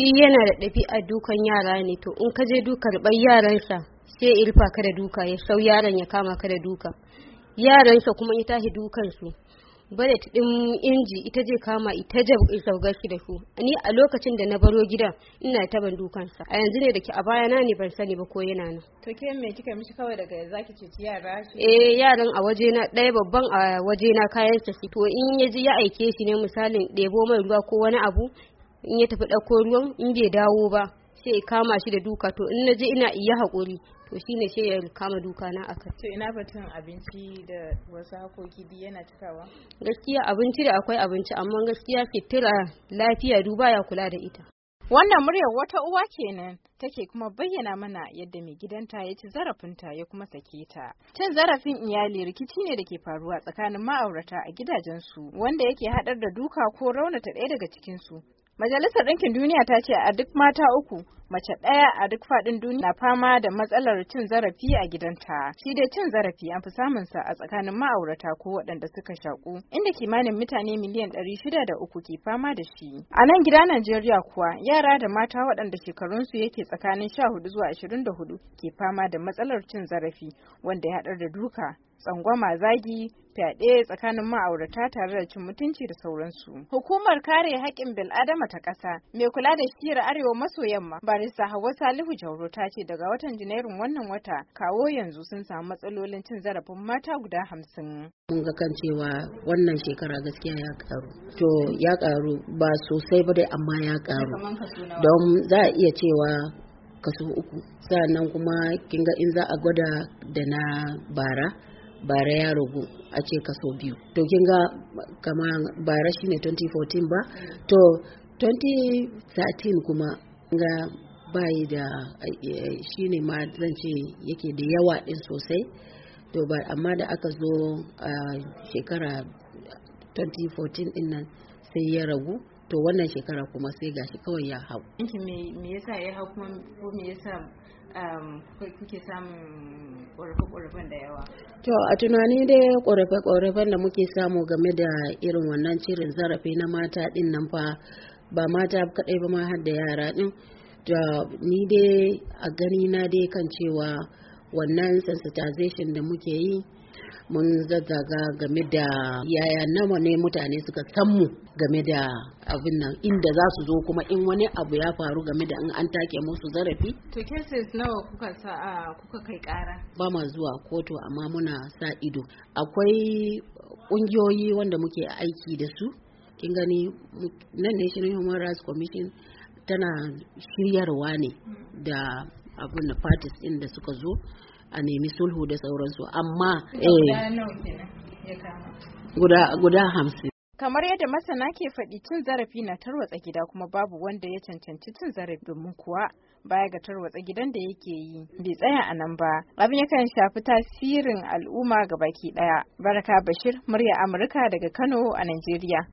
shi yana da ɗabi'a dukan yara ne to in ka je dukar bai yaransa sai irfa ka da duka ya sau yaran ya kama ka da duka yaransa kuma ya tashi dukansu bullet din inji ita je kama ita je saugar shi da su ni a lokacin da na baro gidan ina ta ban dukansa a yanzu ne da ke a baya na ne ban sani ba ko yana nan to ke me kika mishi kawai daga zaki ce ci yara shi eh yaran a waje na ɗaya babban a waje na kayan sa shi to in ya ji ya aike shi ne misalin ɗebo mai ruwa ko wani abu in ya tafi ɗauko ruwan in bai dawo ba sai ya kama shi da duka to in na je ina iya haƙuri to shine sai ya kama duka na aka to ina batun abinci da wasu hakoki gidi yana cikawa gaskiya abinci da akwai abinci amma gaskiya fitira lafiya duba ya kula da ita wannan muryar wata uwa kenan take kuma bayyana mana yadda mai gidanta ya ci zarafinta ya kuma sake ta cin zarafin iyali rikici ne da ke faruwa tsakanin ma'aurata a gidajensu wanda yake haɗar da duka ko raunata ɗaya daga cikinsu Majalisar Ɗinkin Duniya ta ce a duk mata uku mace ɗaya a duk faɗin duniya na fama da matsalar cin zarafi a gidanta. Shi dai cin zarafi an fi samun sa a tsakanin ma'aurata ko waɗanda suka shaku, inda kimanin mutane miliyan ɗari shida da uku ke fama da shi. A nan gida Najeriya kuwa yara da mata waɗanda shekarunsu yake tsakanin sha hudu zuwa ashirin da hudu ke fama da matsalar cin zarafi wanda ya haɗar da duka, tsangwama zagi fyaɗe tsakanin ma'aurata tare da cin mutunci da sauransu. Hukumar kare haƙƙin bil'adama ta ƙasa mai kula da shiyar arewa maso yamma ba barista Hauwa Salihu Jauro ta ce daga watan Janairun wannan wata kawo yanzu sun samu matsalolin cin zarafin mata guda hamsin. Mun ga kan cewa wannan shekara gaskiya ya karu. To ya karu ba sosai ba dai amma ya karu. Don za a iya cewa kaso uku. Sa'annan kuma kin ga in za a gwada da na bara bara ya ragu a ce kaso biyu. To kin ga kama bara shine 2014 ba. To 2013 kuma ga bayi da eh, shi ne ma zan ce yake da yawa din sosai to ba amma da aka zo a shekara 2014 din nan sai ya ragu to wannan shekara kuma sai gashi kawai ya hau me yasa ya hau kuma ko me yasa um, kuke samun ƙorafe-ƙorafen da yawa to a tunani dai ƙorafe-ƙorafen da muke samu game da irin wannan cirin zarafi na mata din nan fa ba mata kadai ba ma har da yara din da ni dai a gani na dai kan cewa wannan sensitization da muke yi mun zazzaga game da yaya nawa ne mutane suka san mu game da abin nan inda za su zo kuma in wani abu ya faru game da in an take musu zarafi to cases nawa kuka sa kuka kai kara ba ma zuwa kotu amma muna sa ido akwai kungiyoyi wanda muke aiki da su kin gani na National Human Rights Commission tana shiryarwa ne da abin da parties din da suka zo a nemi sulhu da sauransu amma eh, guda hamsin kamar yadda masana ke faɗi cin zarafi na tarwatsa gida kuma babu wanda ya cancanci cin zarafi domin kuwa baya ga tarwatsa gidan da yake yi bai tsaya a nan ba abin yakan shafi tasirin al'umma ga baki ɗaya baraka bashir murya amurka daga kano a najeriya